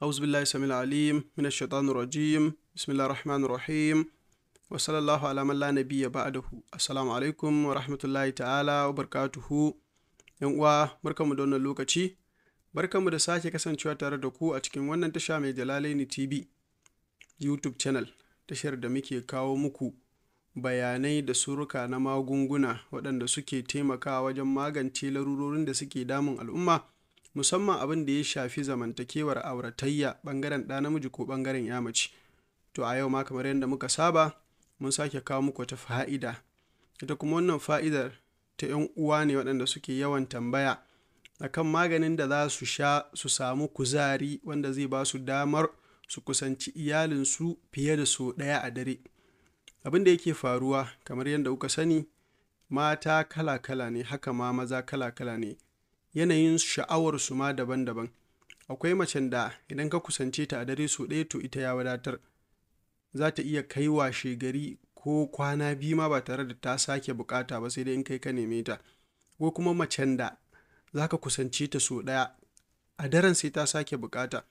أعوذ بالله السميع العليم من الشيطان الرجيم بسم الله الرحمن الرحيم وصلى الله على من لا نبي بعده السلام alaikum wa rahmatullahi ta'ala wa barakatuhu yan uwa barkamu da wannan lokaci mu da sake kasancewa tare da ku a cikin wannan tasha mai jalalaini tv youtube channel tashar da muke kawo muku bayanai da suruka na magunguna waɗanda suke taimakawa wajen magance larurorin da suke damun al'umma musamman abin da ya shafi zamantakewar auratayya ɓangaren ɗa namiji ko ɓangaren ya mace to a yau ma kamar yadda muka saba mun sake kawo muku wata fa'ida ita kuma wannan fa'idar ta 'yan uwa ne waɗanda suke yawan tambaya akan maganin da za su sha su samu kuzari wanda zai ba su damar su kusanci iyalinsu fiye da su ɗaya a dare abin da yake faruwa kamar yadda kuka sani mata kala-kala ne haka ma maza kala-kala ne yanayin sha'awar su ma daban-daban akwai macen da idan ka kusance ta a dare so ɗaya to ita ya wadatar za ta iya kai wa gari ko kwana biyu ma ba tare da ta sake bukata ba sai dai in kai ka neme ta ko kuma macen da za ka kusance ta so ɗaya a daren sai ta sake bukata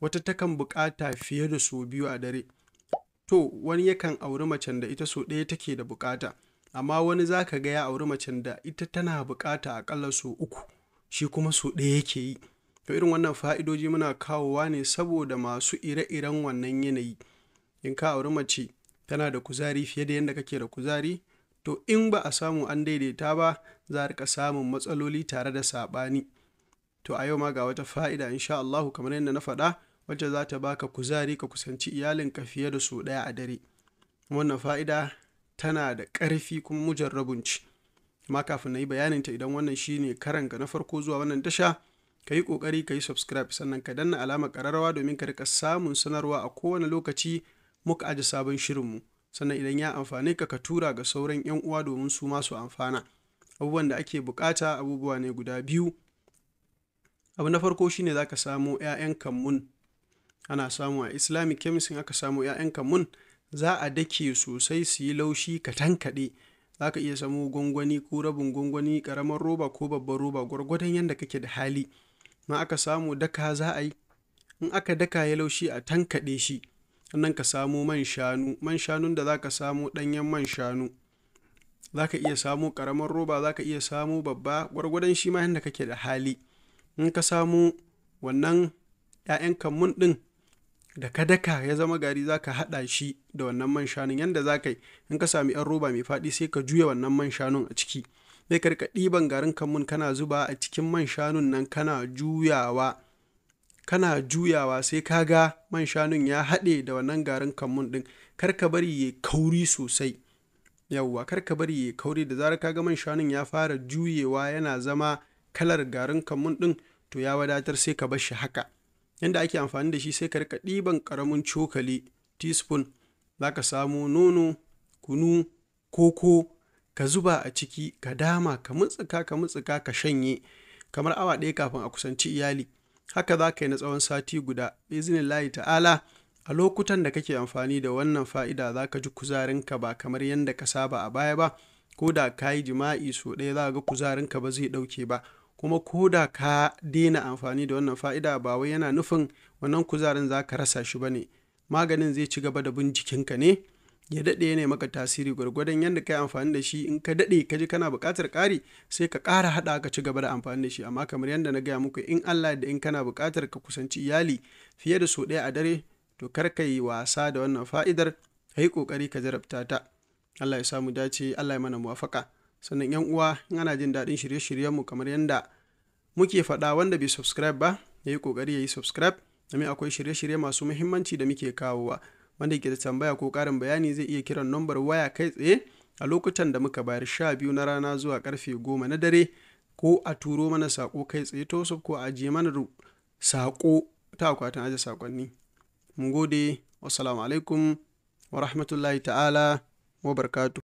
wata takan bukata fiye da so biyu a dare to wani yakan auri macen da ita so ɗaya take da bukata amma wani za ka ga ya auri macen da ita tana bukata aƙalla so uku shi kuma su ɗaya yake yi to irin wannan fa'idoji muna kawowa ne saboda masu ire-iren wannan yanayi in ka auri mace tana da kuzari fiye da yadda kake da kuzari to in ba a samu an daidaita ba za a rika samun matsaloli tare da saɓani to a yau ma ga wata fa'ida insha Allah kamar yadda na faɗa wacce za ta baka kuzari ka kusanci iyalinka fiye da su ɗaya a dare wannan fa'ida tana da ƙarfi kuma mujarrabunci ma kafin na yi bayaninta idan wannan shi karan ka na farko zuwa wannan tasha ka yi ƙoƙari ka yi subscribe sannan ka danna alama ƙararrawa domin ka rika samun sanarwa a kowane lokaci muka aji sabon shirin mu sannan idan ya amfane ka ka tura ga sauran 'yan uwa domin su masu amfana abubuwan da ake bukata abubuwa ne guda biyu abu na farko shine zaka samu samo 'ya'yan kammun ana samu a islamic chemist aka samo 'ya'yan kammun za a dake sosai su yi laushi ka tankaɗe za ka iya samo gwangwani ko rabin gwangwani karamar roba ko babbar roba gwargwadon yadda kake da hali ma aka samu daka za a yi in aka daka ya laushi a tankaɗe shi sannan ka samu man shanu man shanun da za ka samu ɗanyen man shanu za ka iya samu karamar roba za ka iya samo babba gwargwadon shi ma yadda kake da hali in ka samu wannan 'ya'yan kammun ɗin da ka daka ya zama gari za ka haɗa shi da wannan man shanun yadda za ka yi in ka sami yan roba mai faɗi sai ka juya wannan man shanun a ciki sai ka rika ɗiban garin kamun kana zuba a cikin man shanun nan kana juyawa kana juyawa sai ka ga man shanun ya haɗe da wannan garin kamun ɗin karka bari ya kauri sosai yawwa karka bari ya kauri da zarar ka ga man shanun ya fara juyewa yana zama kalar garin kamun ɗin to ya wadatar sai ka bar shi haka yadda ake amfani da shi sai ka rika ɗiban ƙaramin cokali teaspoon za ka samo nono kunu koko ka zuba a ciki ka dama ka mutsuka ka mutsuka ka shanye kamar awa ɗaya kafin a kusanci iyali haka za ka yi na tsawon sati guda izinin layi ta'ala a lokutan da kake amfani da wannan fa'ida za ka ji kuzarinka ba kamar yadda ka saba a baya ba ko da ka yi jima'i so ɗaya za ga kuzarinka ba zai ɗauke ba kuma ko da ka daina amfani da wannan fa'ida ba wai yana nufin wannan kuzarin za ka rasa shi ba ne maganin zai ci gaba da bin jikinka ne ya daɗe ne maka tasiri gwargwadon yadda ka yi amfani da shi in ka daɗe ka ji kana buƙatar ƙari sai ka ƙara haɗa ka ci gaba da amfani da shi amma kamar yadda na gaya muku in Allah da in kana buƙatar ka kusanci iyali fiye da sau ɗaya a dare to kar ka yi wasa da wannan fa'idar ka yi ƙoƙari ka jarabta ta Allah ya samu dace Allah ya mana muwafaka. sannan yan uwa in ana jin daɗin shirye-shiryenmu kamar yadda muke faɗa wanda bai subscribe ba ya yi ƙoƙari ya yi subscribe domin akwai shirye-shirye masu muhimmanci da muke kawowa wanda ke da tambaya ko ƙarin bayani zai iya kiran nambar waya kai tsaye a lokutan da muka bayar sha biyu na rana zuwa karfe goma na dare ko a turo mana saƙo kai tsaye ta wasu ko a ajiye mana saƙo ta akwatin aje saƙonni mun gode wassalamu alaikum wa rahmatullahi ta'ala wa barkatu